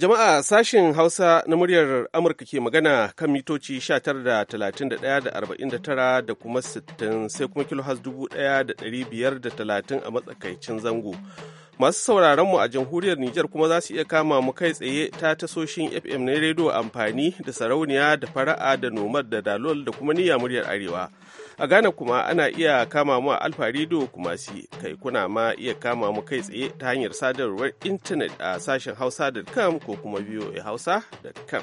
Jama'a sashen Hausa na muryar Amurka ke magana kan mitoci 19.31.49 da kuma 60 sai kuma kilohaz 1,530 a matsakaicin zango. Masu sauraronmu a jamhuriyar Nijar kuma za su iya kama mu kai tsaye ta tasoshin FM na rediyo amfani da sarauniya da fara'a da nomad da dalol da kuma niyya muryar Arewa. A Ghana kuma ana iya kama mu a Alfa Radio kuma si kai kuna ma iya kama mu kai tsaye ta hanyar sadarwar intanet a sashen hausa.com ko kuma voahausa.com.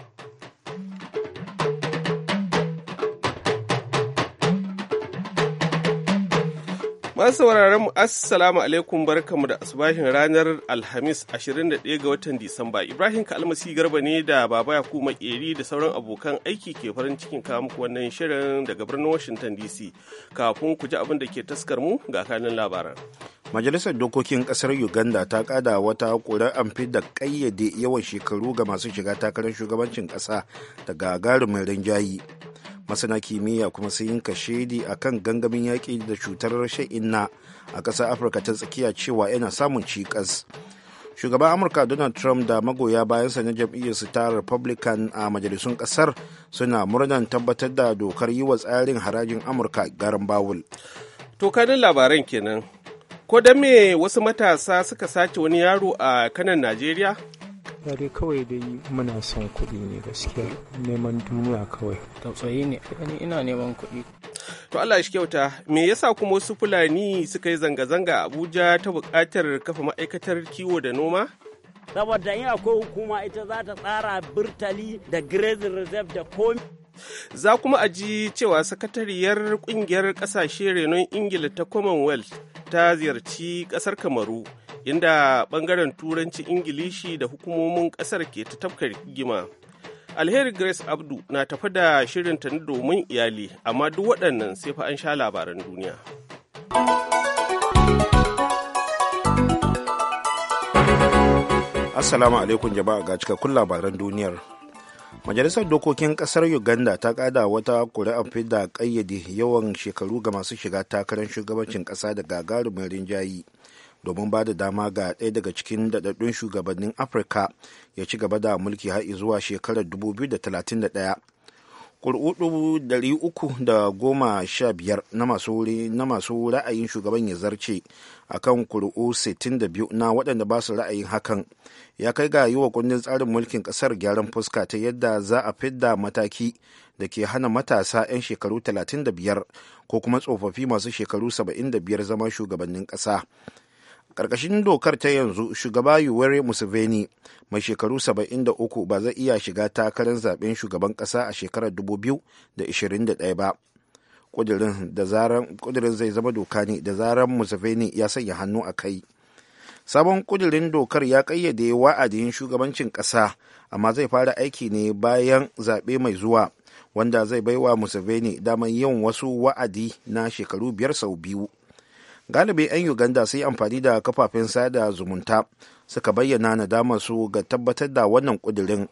Masu sauraron mu assalamu alaikum barkamu da asubahin ranar Alhamis 21 ga watan Disamba. Ibrahim Kalmasi Garba ne da Baba Yakubu Makeri da sauran abokan aiki ke farin cikin kawo muku wannan shirin daga birnin Washington DC. Kafin ku ji abin da ke taskar mu ga kanin labaran. Majalisar Dokokin Kasar Uganda ta kada wata ƙurar amfi da ƙayyade yawan shekaru ga masu shiga takarar shugabancin ƙasa daga gagarumin rinjayi. masana kimiyya kuma sun yi kashedi a kan gangamin yaƙi da cutar rashin inna a ƙasar afirka ta tsakiya cewa yana samun cikas shugaban amurka donald trump da magoya bayansa na su ta republican a majalisun ƙasar suna murnan tabbatar da dokar yi wa tsarin harajin amurka garin bawul to kanin labaran kenan ko da me wasu matasa suka sace wani yaro a kanan najeriya ya dai kawai dai muna son kuɗi ne gaskiya neman duniya kawai tsautsayi ne ni ina neman kuɗi to Allah shi kyauta me yasa kuma wasu fulani suka yi zanga-zanga Abuja ta buƙatar kafa ma'aikatar kiwo da noma saboda in akwai hukuma ita za ta tsara birtali da grazing reserve da komi za kuma a ji cewa sakatariyar kungiyar ƙasashe renon ingila ta commonwealth ta ziyarci ƙasar kamaru inda bangaren Turanci, ingilishi da hukumomin kasar ke ta tafkar rigima alheri grace abdu na tafi da shirinta na domin iyali amma duk waɗannan sai fa an sha labaran duniya assalamu alaikum jama'a ga cikakkun labaran duniyar majalisar dokokin kasar uganda ta kada wata kuri'ar fidda kayyade yawan shekaru ga masu shiga takarar shugabancin kasa da gagarumin rinjayi domin ba da dama ga ɗaya daga cikin daɗaɗɗun shugabannin afirka ya ci gaba da mulki har zuwa shekarar 2031 ƙuri'u 315 na masu ra'ayin shugaban ya zarce a kan ƙuri'u 62 na waɗanda ba su ra'ayin hakan ya kai ga yi wa kundin tsarin mulkin ƙasar gyaran fuska ta yadda za a fidda mataki da ke hana matasa 'yan shekaru 35 ko kuma tsofaffi masu shekaru 75 zama shugabannin ƙasa ƙarƙashin dokar ta yanzu shugaba yuwere museveni mai shekaru 73 ba zai iya shiga takarar zaben shugaban ƙasa a shekarar 2021 ba ƙudurin zai zama doka ne da zarar museveni ya sanya hannu a kai sabon ƙudurin dokar ya ƙayyade wa'adin shugabancin ƙasa amma zai fara aiki ne bayan zaɓe mai zuwa wanda zai baiwa museveni damar yin wasu wa'adi na shekaru biyar sau biyu galibi 'yan uganda sun yi amfani da kafafen sada zumunta suka bayyana nadamar su ga tabbatar da wannan kudirin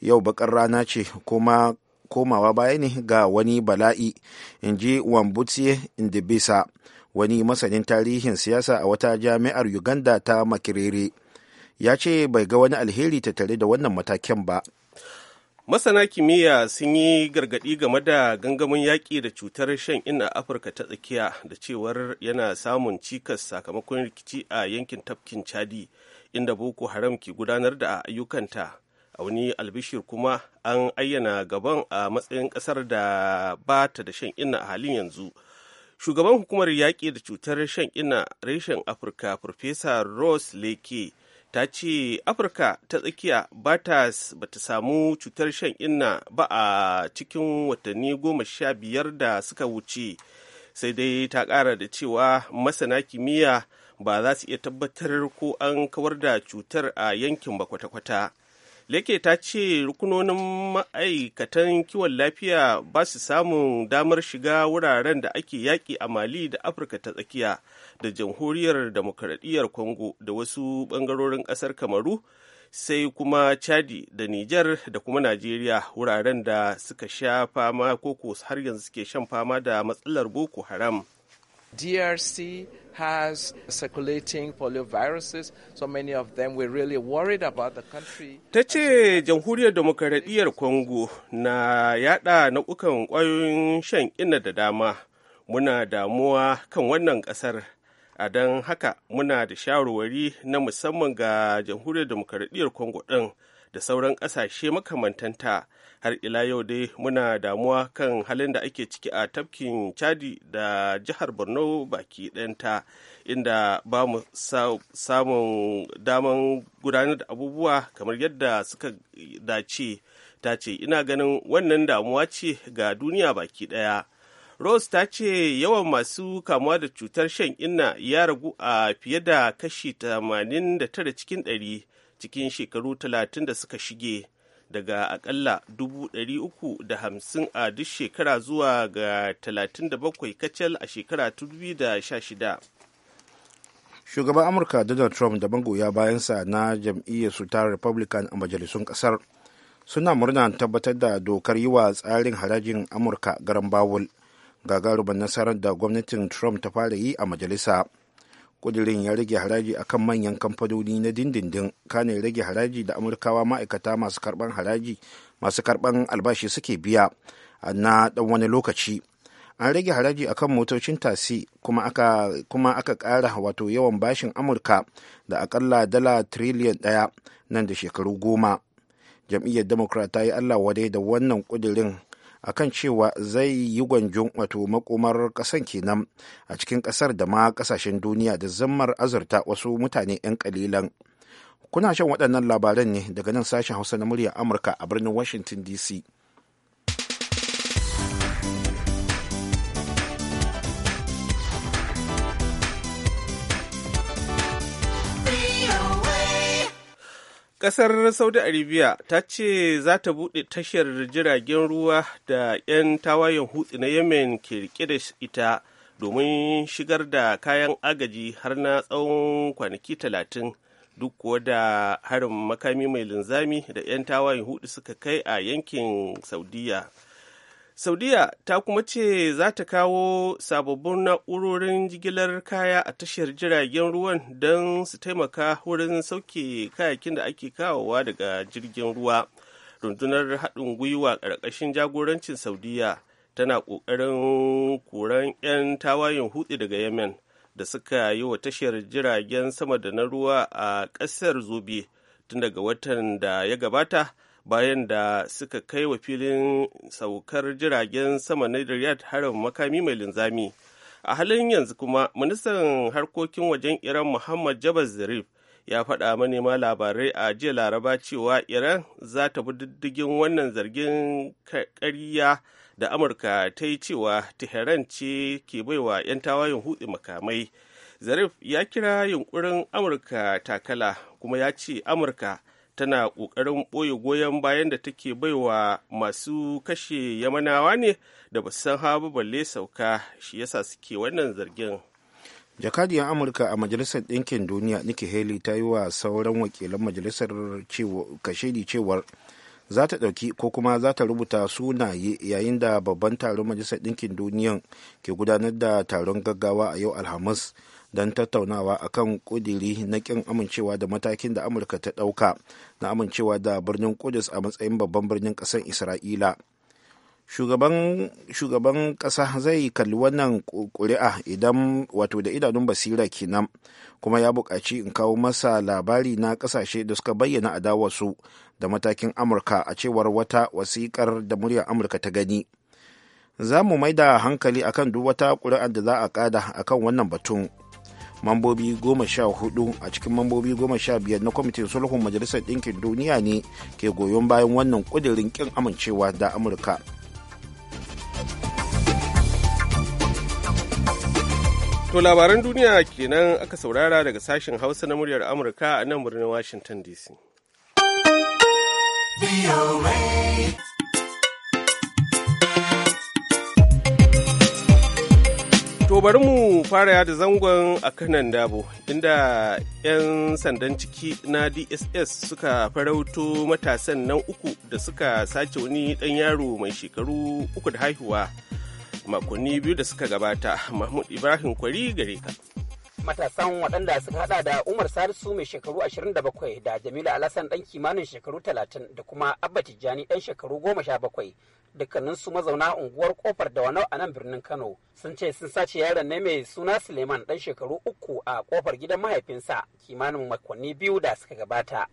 yau bakar rana ce kuma komawa baya ne ga wani bala'i in ji in indibisa wani masanin tarihin siyasa a wata jami'ar uganda ta makirere ya ce bai ga wani alheri ta tare da wannan matakin ba masana kimiyya sun yi gargaɗi game da gangamin yaƙi da cutar shan ina afirka ta tsakiya da cewar yana samun cikas sakamakon rikici a yankin tafkin chadi inda boko haram ke gudanar da ayyukanta a wani albishir kuma an ayyana gaban a matsayin ƙasar da ba ta da shan ina a halin yanzu shugaban hukumar yaƙi da cutar shan ina reshen afirka farfesa rose leke ta ce afirka ta tsakiya ba ta samu cutar shan inna ba a cikin watanni goma sha biyar da suka wuce sai dai ta ƙara da cewa masana kimiyya ba za su iya tabbatar ko an kawar da cutar a yankin ba kwata-kwata leke ta ce rukunonin ma'aikatan kiwon lafiya ba su samun damar shiga wuraren da ake yaƙi a mali da afirka ta tsakiya da jamhuriyar demokradiyyar congo da wasu ɓangarorin ƙasar kamaru sai kuma chadi da niger da kuma najeriya wuraren da suka sha fama koko har yanzu suke shan fama da matsalar boko haram DRC has circulating polioviruses, so many of them we're really worried about the country. Ta ce jamhuriyar demokaradiyyar Congo na yada nau'ukan kwayoyin shan ƙina da dama. Muna damuwa kan wannan ƙasar. A don haka muna da shawarwari na musamman ga jamhuriyar demokaradiyyar Congo ɗin da sauran ƙasashe makamantanta har ila yau dai muna damuwa kan halin da ake ciki a tafkin chadi da jihar borno baki ɗanta inda ba mu samun daman gudanar da abubuwa kamar yadda suka dace ta ce ina ganin wannan damuwa ce ga duniya baki ɗaya rose ta ce yawan masu kamuwa da cutar shan inna ya ragu a fiye da kashi 89 cikin 100 cikin shekaru 30 da suka shige daga akalla hamsin a duk shekara zuwa ga 37 kacal a shekara 2016 shugaban amurka donald trump da magoya bayansa na jam'iyyar su ta republican a majalisun kasar suna murna tabbatar da dokar yi wa tsarin harajin amurka garan bawul gagarumin nasarar da gwamnatin trump ta fara yi a majalisa kudirin ya rage haraji akan manyan kamfanoni na dindindin kane rage haraji da amurkawa ma'aikata masu karban haraji masu karban albashi suke biya na dan wani lokaci an rage haraji akan motocin tasi kuma aka kuma ƙara wato yawan bashin amurka da akalla dala triliyan ɗaya nan da shekaru goma jam'iyyar democrat ta yi allah wadai da wannan kudirin akan cewa zai yi gwanjon wato makomar kasan kenan a cikin kasar da ma kasashen duniya da zammar azurta wasu mutane 'yan kalilan kuna shan waɗannan labaran ne daga nan sashen hausa na murya amurka a birnin washington dc Ƙasar Saudi Arabia ta ce za ta buɗe tashar jiragen ruwa da 'yan tawayen hutsi na Yemen ke rike da ita domin shigar da kayan agaji har na tsawon kwanaki talatin duk kuwa da harin makami mai linzami da 'yan tawayen hudu suka kai a yankin Saudiya. saudiya ta kuma ce za ta kawo sababbin na'urorin jigilar kaya a tashar jiragen ruwan don su taimaka wurin sauke kayakin da ake kawowa daga jirgin ruwa rundunar haɗin gwiwa ƙarƙashin jagorancin saudiya tana ƙoƙarin koran 'yan tawayen hutu daga yemen da suka yi wa tashar jiragen sama da na ruwa a ƙasar zobe tun daga watan da ya gabata bayan da suka kai wa filin saukar jiragen sama na Riyadh harin makami mai linzami. A halin yanzu kuma, ministan harkokin wajen Iran Muhammad Jabal Zarif ya faɗa manema labarai a jiya laraba cewa Iran za ta bi diddigin wannan zargin ƙarya da Amurka ta yi cewa Tehran ce ke baiwa 'yan tawayen hutsi makamai. Zarif ya kira yunkurin Amurka takala kuma ya ce Amurka tana ƙoƙarin ɓoye goyon bayan da take baiwa masu kashe yamanawa ne da ba san habu balle sauka shi yasa suke wannan zargin jakadiyar amurka a majalisar ɗinkin duniya nikki haley ta yi wa sauran wakilan majalisar kashedi cewar za ta ɗauki ko kuma za ta rubuta sunaye yayin da babban taron majalisar ɗinkin duniyan ke gudanar da taron gaggawa a yau alhamis don tattaunawa akan kudiri na kin amincewa da matakin da amurka ta ɗauka na amincewa da birnin kudus a matsayin babban birnin ƙasar isra'ila shugaban ƙasa zai kalli wannan ƙuri'a idan wato da idanun basira kenan kuma ya buƙaci in kawo masa labari na ƙasashe da suka bayyana adawarsu da matakin amurka a cewar wata wasiƙar da muryar amurka ta gani za mu mai da hankali akan duk wata ƙuri'ar da za a ƙada akan wannan batun mambobi goma sha hudu a cikin mambobi goma sha biyar na kwamitin sulhun majalisar ɗinkin duniya ne ke goyon bayan wannan ƙudirin kin amincewa da amurka to labaran duniya kenan aka saurara daga sashen hausa na muryar amurka a nan birnin washington dc To bari mu fara da zangon a kanan dabo inda 'yan sandan ciki na DSS suka farauto matasan nan uku da suka sace wani ɗan yaro mai shekaru uku da haihuwa makonni biyu da suka gabata Mahmud Ibrahim Kwari gare ka. matasan waɗanda suka hada da umar salisu mai shekaru 27 da jamilu alasan ɗan kimanin shekaru 30 da kuma abba tijjani ɗan shekaru 17 dukkaninsu mazauna unguwar kofar da wanau a nan birnin kano sun ce sun sace yaron ne mai suna suleiman ɗan shekaru uku a kofar gidan mahaifinsa kimanin makonni biyu da suka gabata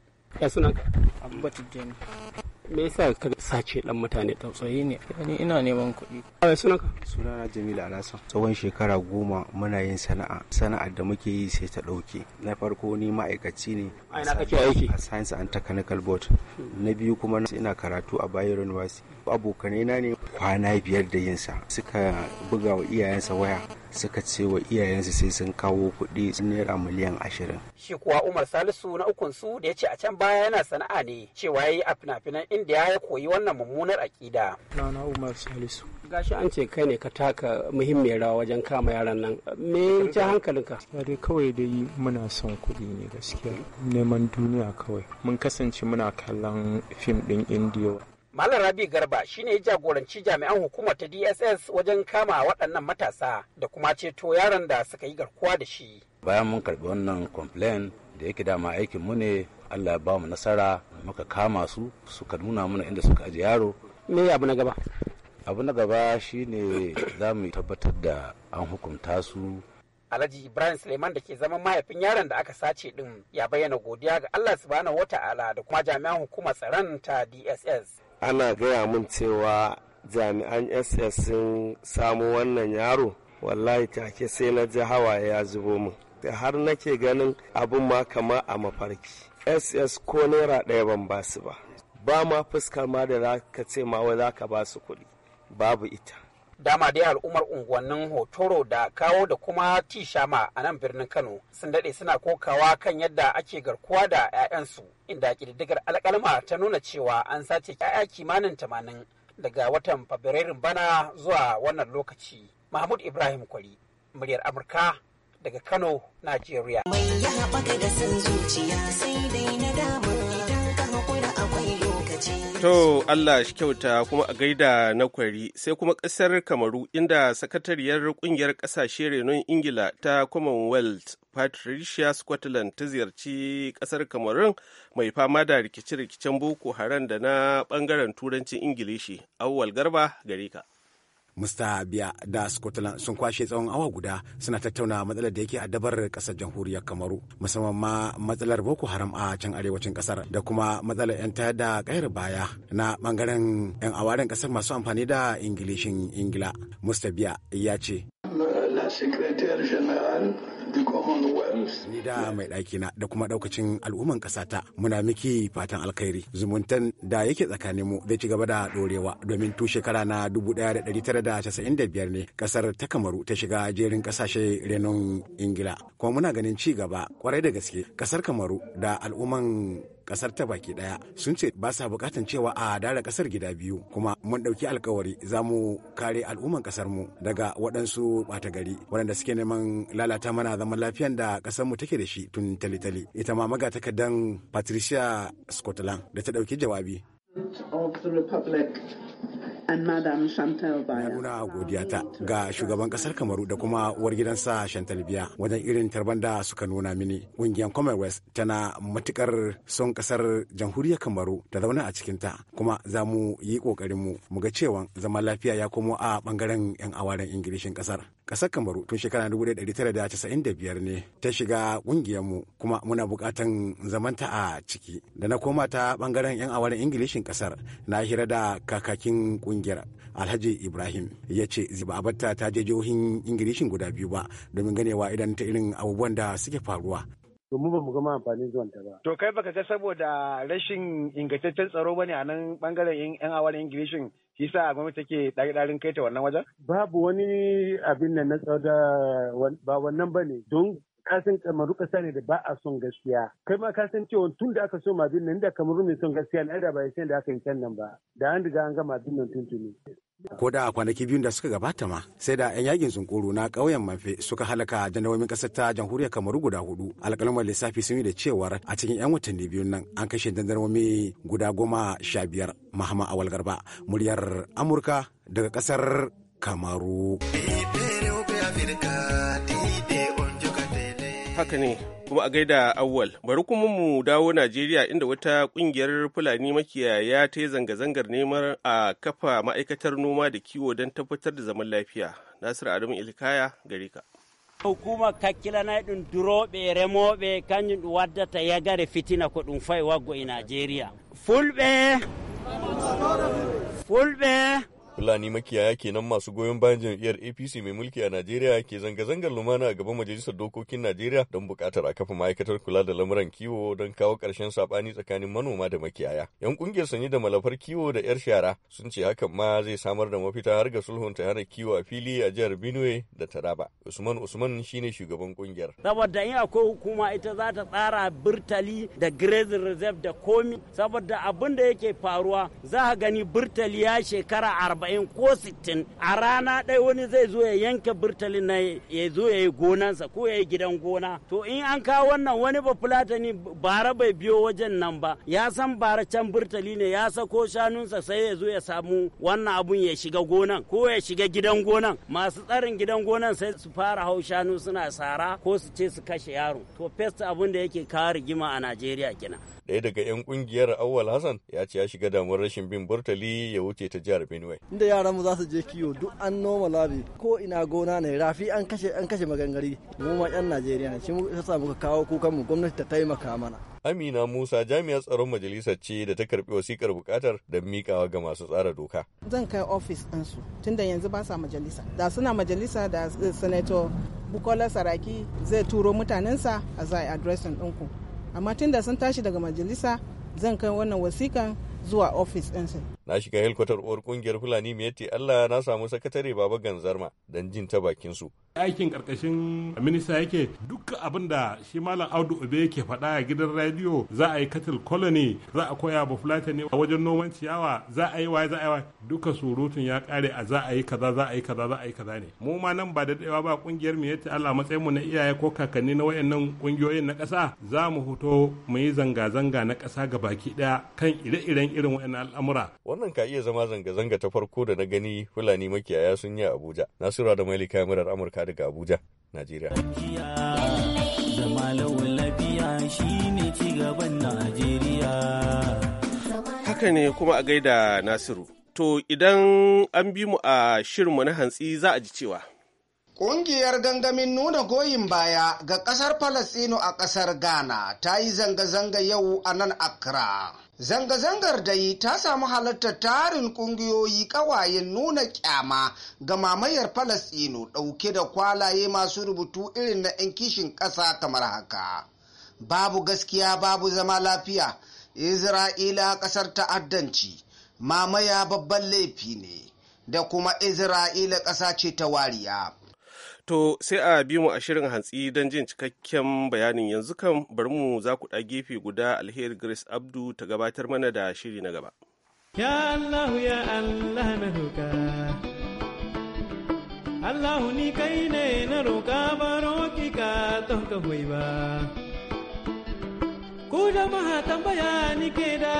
me yasa ka sace dan mutane tsautsayi ne ni ina neman kuɗi a sunanka sunana Jamilu Alasan tsawon shekara goma muna yin sana'a sana'ar da muke yi sai ta ɗauke na farko ni ma'aikaci ne a ina kake aiki a science and technical board hmm. na biyu kuma ina karatu a Bayero University abokanai na ne kwana biyar da yinsa suka buga wa iyayensa waya suka ce wa iyayensu sai sun kawo kuɗi naira miliyan ashirin. Shi kuwa Umar Salisu na ukunsu da ya ce a can baya yana sana'a ne cewa ya yi a fina-finan Indiya ya koyi wannan mummunar aƙida. Rana Umar Salisu. Gashi an ce kai ne ka taka muhimmiyar rawa wajen kama yaran nan. Me ja hankalinka? ka? dai kawai dai muna son kuɗi ne gaskiya. Neman duniya kawai. Mun kasance muna kallon fim ɗin Indiya Malam Rabi Garba shine ya jagoranci jami'an hukumar ta DSS wajen kama waɗannan matasa da kuma ceto yaron da suka yi garkuwa da shi. Bayan mun karɓi wannan complain da yake dama aikin mu ne Allah ya ba mu nasara muka kama su suka nuna mana inda suka aje yaro. Me abu na gaba? Abu na gaba shine za mu tabbatar da an hukunta su Alhaji Ibrahim Suleiman da ke zaman mahaifin yaron da aka sace din ya bayyana godiya ga Allah subhanahu wata'ala da kuma jami'an hukumar tsaron ta DSS ana gaya mun cewa jami'an ss sun samu wannan yaro wallahi take sai na ji hawaye ya zubo min da har nake ganin abin ma kama a mafarki ss ko naira ɗaya ban basu ba ba ma fuskar ma da za ka ce ma wai za ka basu kuɗi babu ita dama dai al'ummar unguwannin hotoro da kawo da kuma tishama a nan birnin kano sun daɗe suna kokawa kan yadda ake garkuwa da 'ya'yansu inda ƙididdigar alƙalma ta nuna cewa an sace 'ya'ya kimanin tamanin daga watan fabrairun bana zuwa wannan lokaci mahmud ibrahim kwari muryar amurka daga kano najeriya mai To Allah shi kyauta kuma a gaida na kwari sai kuma ƙasar Kamaru inda sakatariyar ƙungiyar ƙasashe renon Ingila ta Commonwealth Patricia Scotland ta ziyarci ƙasar Kamarun mai fama da rikice-rikicen Boko Haram da na ɓangaren Turancin Ingilishi. Auwal Garba gare ka. Mr. Biya da Scotland sun kwashe tsawon awa guda suna tattauna matsalar da yake addabar kasar jamhuriyar Kamaru musamman ma matsalar Boko Haram a can arewacin ƙasar da kuma matsalar 'yan tayar da kayar baya na ɓangaren 'yan awaren ƙasar masu amfani da Ingilishin Ingila. Mr. Biya ya ce. la du Commonwealth. Ni da mai ɗaki na da kuma ɗaukacin al'umman ƙasata muna miki fatan alkhairi. Zumuntan da yake tsakanin mu zai ci gaba da ɗorewa domin tu shekara na biyar ne ƙasar ta Kamaru ta shiga jerin ƙasashe renon Ingila. Kuma muna ganin ci gaba kwarai da gaske ƙasar Kamaru da al'umman kasar ta baki daya sun ce ba sa bukatan cewa a dara kasar gida biyu kuma mun dauki alkawari za mu kare al'umman kasar mu daga waɗansu ɓata gari waɗanda suke neman lalata mana zaman lafiyan da kasar mu take da shi tun talitali tale ita ma magatakardan Patricia Scotland da ta dauki jawabi Na Madam Baya. Nuna godiyata ga shugaban kasar Kamaru da kuma uwar gidansa Chantal Biya wajen irin tarban da suka nuna mini. Ƙungiyar Commonwealth tana matukar son kasar jamhuriyar Kamaru ta zauna a cikin ta. kuma za mu yi ƙoƙarin mu mu ga cewa zaman lafiya ya komo a bangaren 'yan awaren Ingilishin kasar. Kasar Kamaru tun shekara 1995 ne ta shiga ƙungiyar mu kuma muna bukatan zamanta a ciki. Da na koma ta bangaren 'yan awaren Ingilishin kasar na hira da kakakin ƙungiyar kungiyar alhaji ibrahim ya ce ba a ta je jihohin ingilishin guda biyu ba domin ganewa idan ta irin abubuwan da suke faruwa domin ba mu gama amfani zuwan ta ba. To kai baka ga saboda rashin ingantaccen tsaro bane a nan bangaren yan awar Ingilishin shi sa gwamnati take ɗari-ɗarin kai ta wannan wajen? Babu wani abin nan na tsaro da ba wannan bane don Ka san kamaru kasa ne da ba a son gaskiya kai ma ka san cewa tun da aka so bin nan da kamaru mai son gaskiya na da ba san da aka yi can nan ba da an riga an ga bin nan tuntuni ko da a kwanaki biyun da suka gabata ma sai da 'yan yakin sunkuru na ƙauyen mafe suka halaka janawomin ƙasar ta jamhuriyar kamaru guda hudu alƙalmar lissafi sun yi da cewar a cikin 'yan watanni biyun nan an kashe jandarmomi guda goma sha biyar mahama awal garba muryar amurka daga ƙasar kamaru. haka ne kuma a gaida awwal bari kuma mu dawo najeriya inda wata kungiyar fulani makiyaya ta yi zanga-zangar neman a kafa ma'aikatar noma da kiwo don tabbatar da zaman lafiya nasiru adamu ilkaya gare ka hukuma kakkilanayi ɗum duroɓe remoɓe kañum ɗum ya gare fitina ko ɗum fai waggo e najeriya fulɓe fulɓe Fulani makiyaya kenan masu goyon bayan jam'iyyar APC mai mulki a Najeriya ke zanga-zangar lumana a gaban Majalisar Dokokin Najeriya don bukatar a kafa ma'aikatar kula da lamuran kiwo don kawo karshen saɓani tsakanin manoma da makiyaya. 'Yan ƙungiyar sanyi da malafar kiwo da 'yar shara sun ce hakan ma zai samar da mafita har ga sulhun ta hana kiwo a fili a jihar Benue da Taraba. Usman Usman shine shugaban kungiyar. Saboda in akwai hukuma ita za ta tsara birtali da grazing reserve da komi saboda abin da yake faruwa za a gani burtali ya shekara arba'in arba'in ko sittin a rana ɗaya wani zai zo ya yanke burtalin na ya zo ya yi gonansa ko ya yi gidan gona to in an kawo wannan wani ba fulata ni bara bai biyo wajen nan ba ya san bara can burtali ne ya sako shanunsa sai ya zo ya samu wannan abun ya shiga gonan ko ya shiga gidan gonan masu tsarin gidan gonan sai su fara hau shanu suna sara ko su ce su kashe yaro to fes abun da yake kawo rigima a najeriya kenan Ɗaya daga 'yan ƙungiyar Awwal Hassan ya ce ya shiga damar rashin bin burtali ya wuce ta jihar Benue. Inda yaran mu za su je kiwo duk an noma labi ko ina gona ne rafi an kashe an kashe magangari mu ma 'yan Najeriya ne shi mu yasa muka kawo kukan mu gwamnati ta taimaka mana. Amina Musa jami'ar tsaron majalisa ce da ta karbi wasikar bukatar da mikawa ga masu tsara doka. Zan kai ofis ɗinsu tunda yanzu ba sa majalisa. Da suna majalisa da senator Bukola Saraki zai turo mutanensa a zai addressin ɗinku. amma tun da sun tashi daga majalisa zan kai wannan wasikan zuwa ofis ɗinsu na shiga helkwatar uwar kungiyar fulani mai miyatti allah na samu sakatare baba ganzarma don jin ta bakin su aikin karkashin minista yake duk abin da shi malam audu obe yake faɗa a gidan rediyo za a yi katil colony za a koya ba fulatani a wajen noman ciyawa za a yi waye za a yi waye duka surutun ya kare a za a yi kaza za a yi kaza za a yi kaza ne mu ma nan ba da daɗewa ba kungiyar miyatti allah matsayin mu na iyaye ko kakanni na wayannan kungiyoyin na ƙasa za mu fito mu yi zanga-zanga na ƙasa ga baki ɗaya kan ire-iren irin wayannan al'amura Wannan ka iya zama zanga-zanga ta farko da na gani Fulani makiyaya sun yi a Abuja. Nasura da Maili kamarar Amurka daga Abuja, Najeriya. shine ci Najeriya. Haka ne kuma a gaida Nasiru. To idan an bi mu a shirinmu na hantsi za a ji cewa. Ƙungiyar gangamin nuna goyin baya ga ƙasar Falasino a ƙasar Ghana ta yi zanga-zanga yau a nan Accra. Zanga-zangar da dai ta samu halartar tarin ƙungiyoyi ƙawayen nuna ƙyama ga mamayar Falasino ɗauke da kwalaye masu rubutu irin na 'yan kishin ƙasa kamar haka. Babu gaskiya babu zama lafiya, Isra'ila ƙasar ta'addanci, mamaya babban laifi ne, da kuma Isra'ila ƙasa ce ta wariya. To sai a bi mu a shirin hantsi don jin cikakken bayanin yanzu kan bari mu za ku ɗa gefe guda alheri Grace Abdu ta gabatar mana da shiri na gaba. Ya Allah ya Allah na roƙa. Allah ni kai ne na roƙa ba roƙi ka don ka ba. Ku jama'a tambaya ni ke da.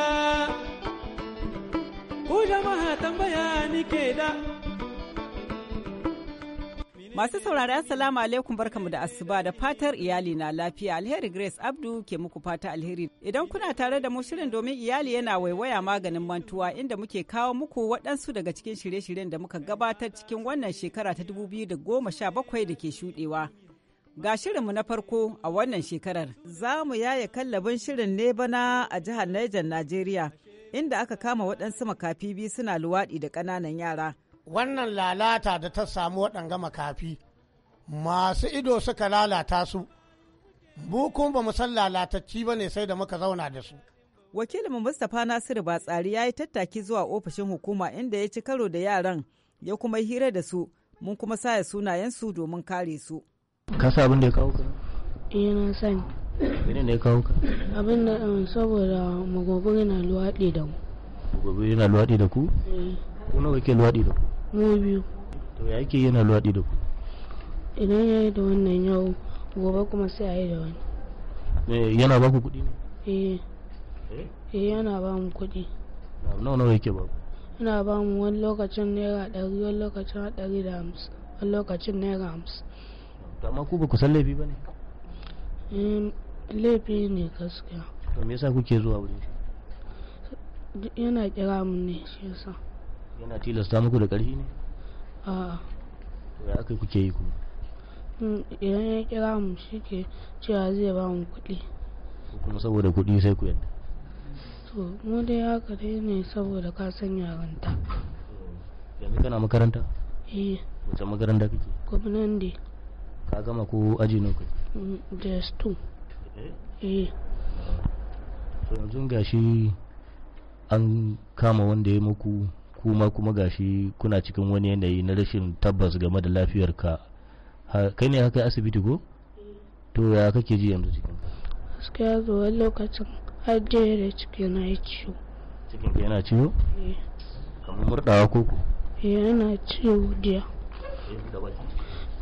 Ku jama'a tambaya ni ke da. Masu saurari Assalamu alaikum barkamu da asuba da fatar iyali na lafiya alheri Grace Abdu ke muku fata alheri. Idan kuna tare da mu shirin domin iyali yana waiwaya maganin mantuwa inda muke kawo muku waɗansu daga cikin shirye-shiryen da muka gabatar cikin wannan shekara ta 2017 da sha bakwai da ke shuɗewa. Ga shirinmu na farko a wannan shekarar. Za mu yaya kallabin shirin ne bana a jihar Niger, Najeriya, inda aka kama waɗansu makafi biyu suna luwaɗi da ƙananan yara. wannan lalata da ta samu waɗanga makafi masu ido suka lalata su mu kuma ba mu san lalatacci ba ne sai da muka zauna da su wakilin mustapha nasiru batsari ya yi tattaki zuwa ofishin hukuma inda ya ci karo da yaran ya kuma hira da su mun kuma saya su domin kare su ka sa abin da ya kawo ka eh na sani menene da ya kawo ka abin da um, saboda magogoro yana luwaɗi da mu magogoro yana luwaɗi da ku eh. ku nawa yake luwaɗi da ku mu biyu to ya yake yana luwaɗi da ku idan ya yi da wannan yau gobe kuma sai a yi da wani eh, yana ba ku kuɗi ne eh. eh eh yana ba mu kuɗi nawa nawa yake ba yana ba mu wani lokacin naira ɗari wani lokacin ɗari da hamsin wani lokacin naira hamsin amma ku ba ku san laifi ba ne eh, laifi ne gaskiya to me yasa kuke zuwa wurin shi yana kira mu ne shi yasa yana tilasta muku da ƙarfi ne to ya aka kuke yi kuma mm, idan ya kira mu shi ke cewa zai ba mu kuɗi kuma saboda kuɗi sai ku yadda to mu dai haka dai ne saboda ka san yaranta yanzu kana makaranta eh wace makaranta kake gwamnan da ka gama ko aji nawa kake da mm, two eh? eh to yanzu gashi an kama wanda ya muku kuma kuma gashi kuna cikin wani yanayi na rashin tabbas game da lafiyar ka kai ne haka asibiti ko eh. to ya kake ji yanzu cikin gaskiya zuwa lokacin har da ciki na yi ciwo cikin ka yana ciwo eh. kamar murdawa ko ku? Eh, yana ciwo jiya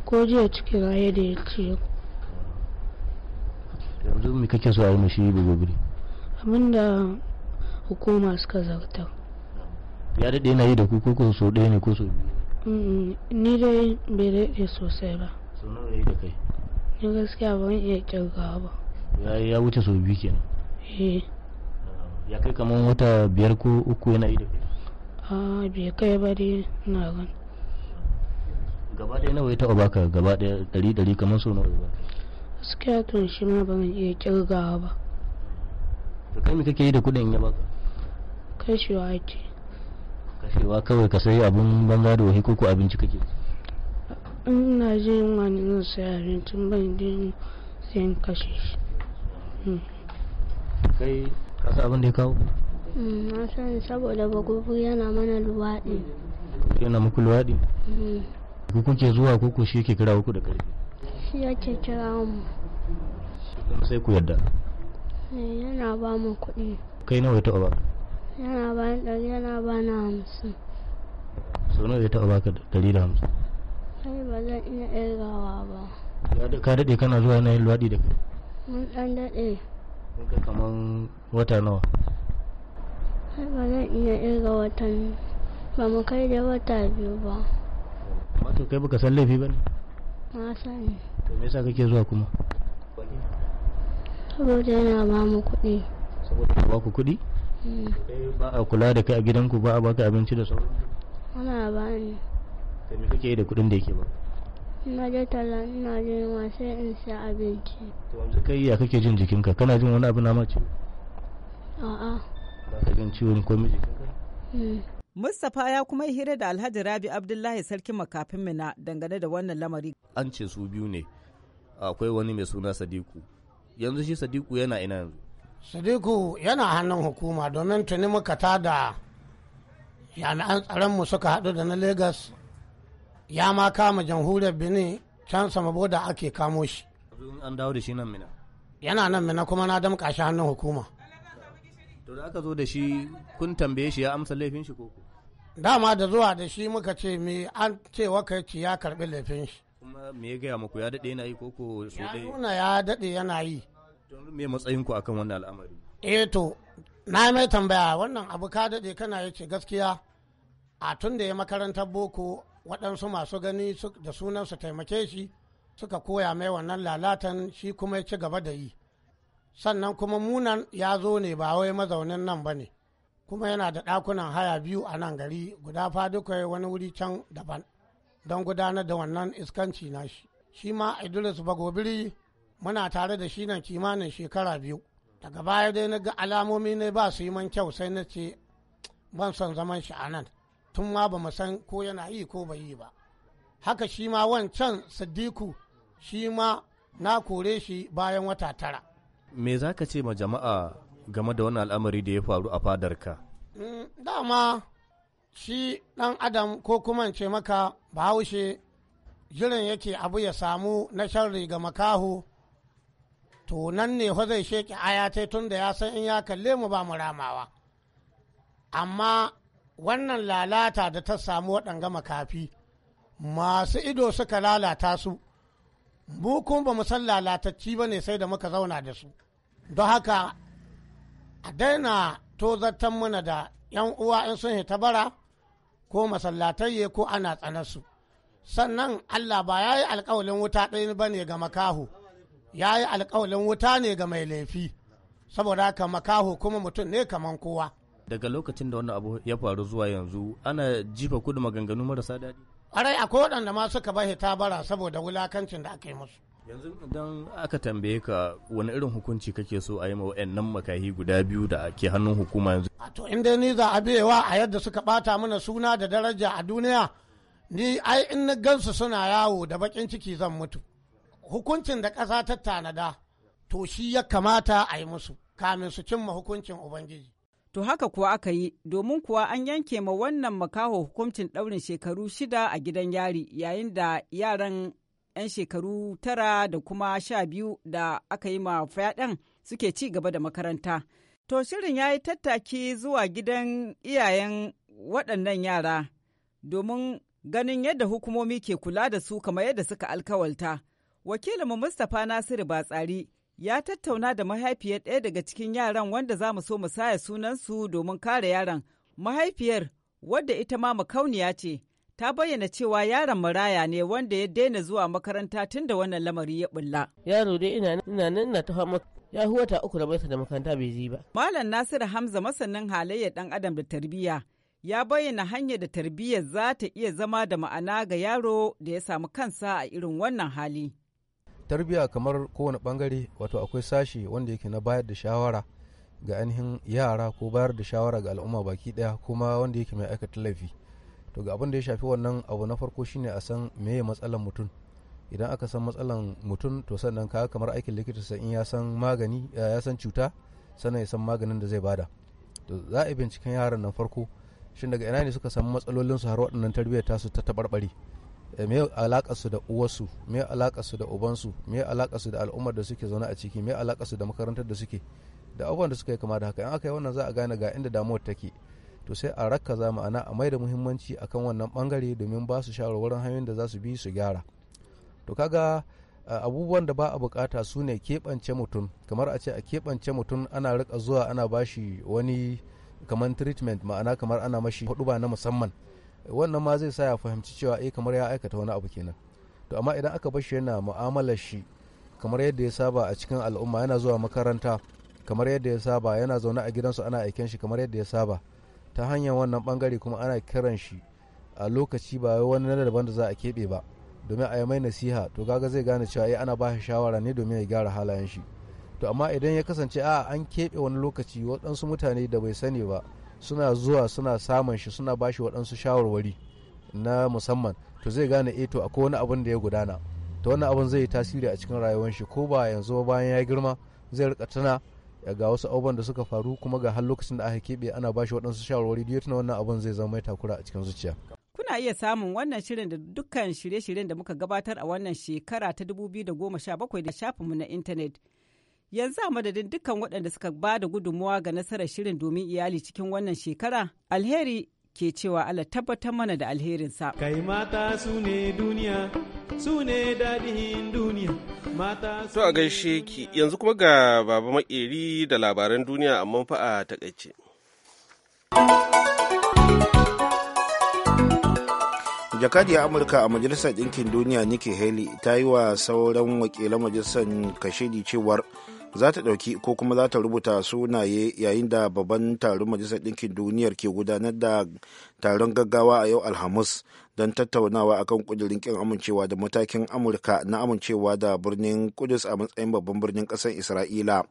ko jiya ciki na da ya ciwo yanzu mai kake so a yi mishi bugu abinda hukuma suka zartar ya daɗe na yi da ku ko so ɗaya ne ko so biyu mm, ni dai bai daɗe sosai ba so nawa ya yi da kai ni gaskiya ban iya kirgawa ba ya ya wuce so biyu kenan eh ah, ya kai kamar wata biyar ko uku yana yi da kai a ah, bai kai ba dai na gan gaba ɗaya nawa ya taɓa baka gaba ɗaya ɗari ɗari kamar so nawa ya baka gaskiya tun shi ma ban iya kirgawa ba da kai me kake yi da kuɗin ya baka kai shi wa ake kashewa kawai ka sayi abun banza da wahi koko abinci kake ina jin ne zan sayi abinci ban jin sayan kashe shi hmm. kai ka sa abin da ya kawo hmm, na san saboda bagugu yana mana luwaɗi yana muku luwaɗi hmm. ku kuke zuwa koko shi yake kira ku da karfi shi yake kira mu sai ku yadda eh, yana ba mu kuɗi kai nawa ya taɓa ba yana ba ɗari yana ba na hamsin sau nawa ya taɓa baka ɗari da hamsin kai ba zan iya ɗirgawa ba ka daɗe kana zuwa yanayin luwaɗi da kai mun ɗan daɗe mun kaman wata nawa kai ba zan iya ɗirga watan ba mu kai da wata biyu ba amma to kai baka san laifi ba ne na sani to me yasa kake zuwa kuma saboda yana ba mu kuɗi saboda ba ku kuɗi Eh, ba a kula da kai a gidanku ba a baka abinci da sauran ana ba ni da me kake da kuɗin da yake ba ina je talla ina je ma sai in sha abinci to yanzu kai ya kake jin jikinka kana jin wani abu na mace a'a ba ka jin ciwon komai jikinka hmm. Mustapha ya kuma yi hira da Alhaji Rabi Abdullahi Sarkin makafin Mina dangane da wannan lamari. An ce su biyu ne, akwai wani mai suna Sadiku. Yanzu shi Sadiku yana ina yanzu. sadiku yana hannun hukuma domin tuni muka da jami'an tsaronmu suka haɗu da na lagos ya ma kama jamhuriyar benin can sama boda ake kamo shi an dawo da shi nan mina yana nan mina kuma na damƙa shi hannun hukuma to da aka zo da shi kun tambaye shi ya amsa laifin shi koko dama da zuwa da shi muka ce me an ce waka ci ya karbi laifin shi kuma me ya gaya muku ya daɗe yana yi koko su ya nuna ya daɗe yana yi Don me matsayin ku akan wannan al'amari? Eh to na mai tambaya wannan abu ka daɗe kana yace gaskiya a tun da ya makarantar boko waɗansu masu gani da sunan su taimake shi suka koya mai wannan lalatan shi kuma ya ci gaba da yi sannan kuma munan ya zo ne ba wai mazaunin nan ba ne kuma yana da ɗakunan haya biyu a nan gari guda fadukwai wani wuri can daban don gudanar da wannan iskanci nashi shi ma idris bagobiri muna tare da shi nan kimanin shekara biyu daga baya dai na ga alamomi ne ba su yi man kyau sai na ce ban son zaman shi a nan tun ma ba san ko yana yi ko bai yi ba haka shi ma wancan siddiku shi ma na kore shi bayan wata tara me za ka ce ma jama'a game da wani al'amari da ya faru a fadarka mm, dama shi dan adam ko kuma ce maka bahaushe jiran yake abu ya samu na sharri ga makaho to nan ne fa zai sheki ta tun da ya san in ya kalle mu ba mu ramawa amma wannan lalata da ta samu waɗanga makafi masu ido suka lalata su mu kuma ba mu san lalatacci ba ne sai da muka zauna da su don haka a daina zartan mana da 'yan uwa in sun hita bara ko masallatayye ko ana su sannan allah ba ya yi alkawalin wuta ɗaya ba ne ga makahu ya yi alkawalin wuta ne ga mai laifi saboda haka makaho kuma mutum ne kaman kowa daga lokacin da wannan abu ya faru zuwa yanzu ana jifa kudu maganganu marasa daɗi rai akwai waɗanda ma suka bahe ta bara saboda wulakancin da aka yi musu yanzu idan aka tambaye ka wani irin hukunci kake so a yi ma wa'annan makahi guda biyu da ke hannun hukuma yanzu to in dai ni za a biyewa a yadda suka bata mana suna da daraja a duniya ni ai in na gansu suna yawo da bakin ciki zan mutu hukuncin da ƙasa ta tanada to shi ya kamata a yi musu kamin su cimma hukuncin ubangiji to haka kuwa aka yi domin kuwa an yanke ma wannan makaho hukuncin ɗaurin shekaru shida a gidan yari yayin da yaran 'yan shekaru tara da kuma sha biyu da aka yi ma fyaɗen suke ci gaba da makaranta to shirin ya yi tattaki zuwa gidan iyayen waɗannan yara domin ganin yadda hukumomi ke kula da su kamar yadda suka alkawalta Wakilinmu Mustapha Nasiru Batsari ya tattauna da mahaifiyar ɗaya daga cikin yaran wanda za mu so mu saya sunansu domin kare yaran Mahaifiyar, wadda ita ma makauniya ce, ta bayyana cewa yaron maraya ne wanda ya daina zuwa makaranta tun da wannan lamari ya bulla. Yaro dai ina nan ina ta fama ya huwa ta uku da baita da makaranta bai je ba. Malam Nasiru Hamza masanin halayyar ɗan adam da tarbiyya ya bayyana hanyar da tarbiyyar za ta iya zama da ma'ana ga yaro da ya samu kansa a irin wannan hali. tarbiya kamar kowane bangare wato akwai sashi wanda yake na bayar da shawara ga ainihin yara ko bayar da shawara ga al'umma baki daya kuma wanda yake mai aikata laifi to ga abin da ya shafi wannan abu na farko shine a san meye matsalan mutum idan aka san matsalan mutum to sannan ka kamar aikin likita sai in ya san magani ya san cuta sannan ya san maganin da zai bada to za a binciken yaran nan farko shin daga ina ne suka san matsalolin su har waɗannan tarbiyyar tasu ta taɓarɓare Eh, me su da uwarsu me su da ubansu me su da al'ummar da suke zaune a ciki me su da makarantar da suke da abubuwan da suka yi kama da haka in aka yi wannan za a gane ga inda damuwar take to sai a rakka za ma'ana a mai da muhimmanci akan wannan bangare domin ba su shawarwarin hanyoyin da za su bi su gyara to kaga abubuwan da ba a bukata su ne keɓance mutum kamar a ce a keɓance mutum ana rika zuwa ana bashi wani kamar treatment ma'ana kamar ana mashi hudu ba na musamman wannan ma zai sa ya fahimci cewa eh kamar ya aikata wani abu kenan to amma idan aka bar shi yana mu'amalar shi kamar yadda ya saba a cikin al'umma yana zuwa makaranta kamar yadda ya saba yana zaune a gidansu ana aiken shi kamar yadda ya saba ta hanyar wannan bangare kuma ana kiran shi a lokaci ba wani na daban da za a keɓe ba domin a yi mai nasiha to gaga zai gane cewa eh ana ba shi shawara ne domin ya gyara halayen shi to amma idan ya kasance a an keɓe wani lokaci waɗansu mutane da bai sani ba suna zuwa suna samun shi suna bashi waɗansu shawarwari na musamman to zai gane eh to akwai wani abin da ya gudana to wannan abin zai yi tasiri a cikin rayuwar shi ko ba yanzu ba bayan ya girma zai rika tana ga wasu abubuwan da suka faru kuma ga har lokacin da aka keɓe ana bashi waɗansu shawarwari duk ya tuna wannan abin zai zama takura a cikin zuciya kuna iya samun wannan shirin da dukkan shirye-shiryen da muka gabatar a wannan shekara ta 2017 da shafinmu na intanet Yanzu a madadin dukkan waɗanda suka ba da gudunmuwa ga nasarar shirin domin iyali cikin wannan shekara, alheri ke cewa ala tabbatar mana da alherinsa. Kai mata su ne duniya, su ne daɗin duniya. Mata su a gaishe ki yanzu kuma ga baba makeri da labaran duniya amma fa a takaice. jakadiyar amurka a majalisar ɗinkin duniya nikki haley ta yi wa sauran wakilan majalisar kashidi cewar za ta ɗauki ko kuma za ta rubuta sunaye yayin da babban taron majalisar ɗinkin duniyar ke gudanar da taron gaggawa a yau alhamis don tattaunawa akan kudirin kin amincewa da matakin amurka na amincewa da birnin kudus a matsayin babban birnin ƙasar isra'ila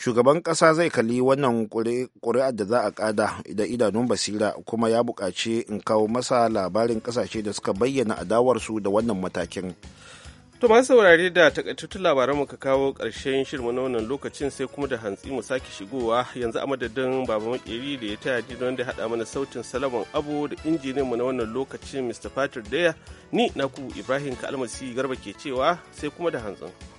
shugaban ƙasa zai kalli wannan kuri'ar da za a ƙada da idanun basira kuma ya buƙaci in kawo masa labarin ƙasashe da suka bayyana adawarsu da wannan matakin. To masu saurari da takaitattun labaran ka kawo ƙarshen shirma na wannan lokacin sai kuma da hantsi mu sake shigowa yanzu a madadin baba makeri da ya taya ji wanda ya haɗa mana sautin salaman abu da injinin mu na wannan lokacin Mr. Patrick Daya ni naku Ibrahim Kalmasi Garba ke cewa sai kuma da hantsin.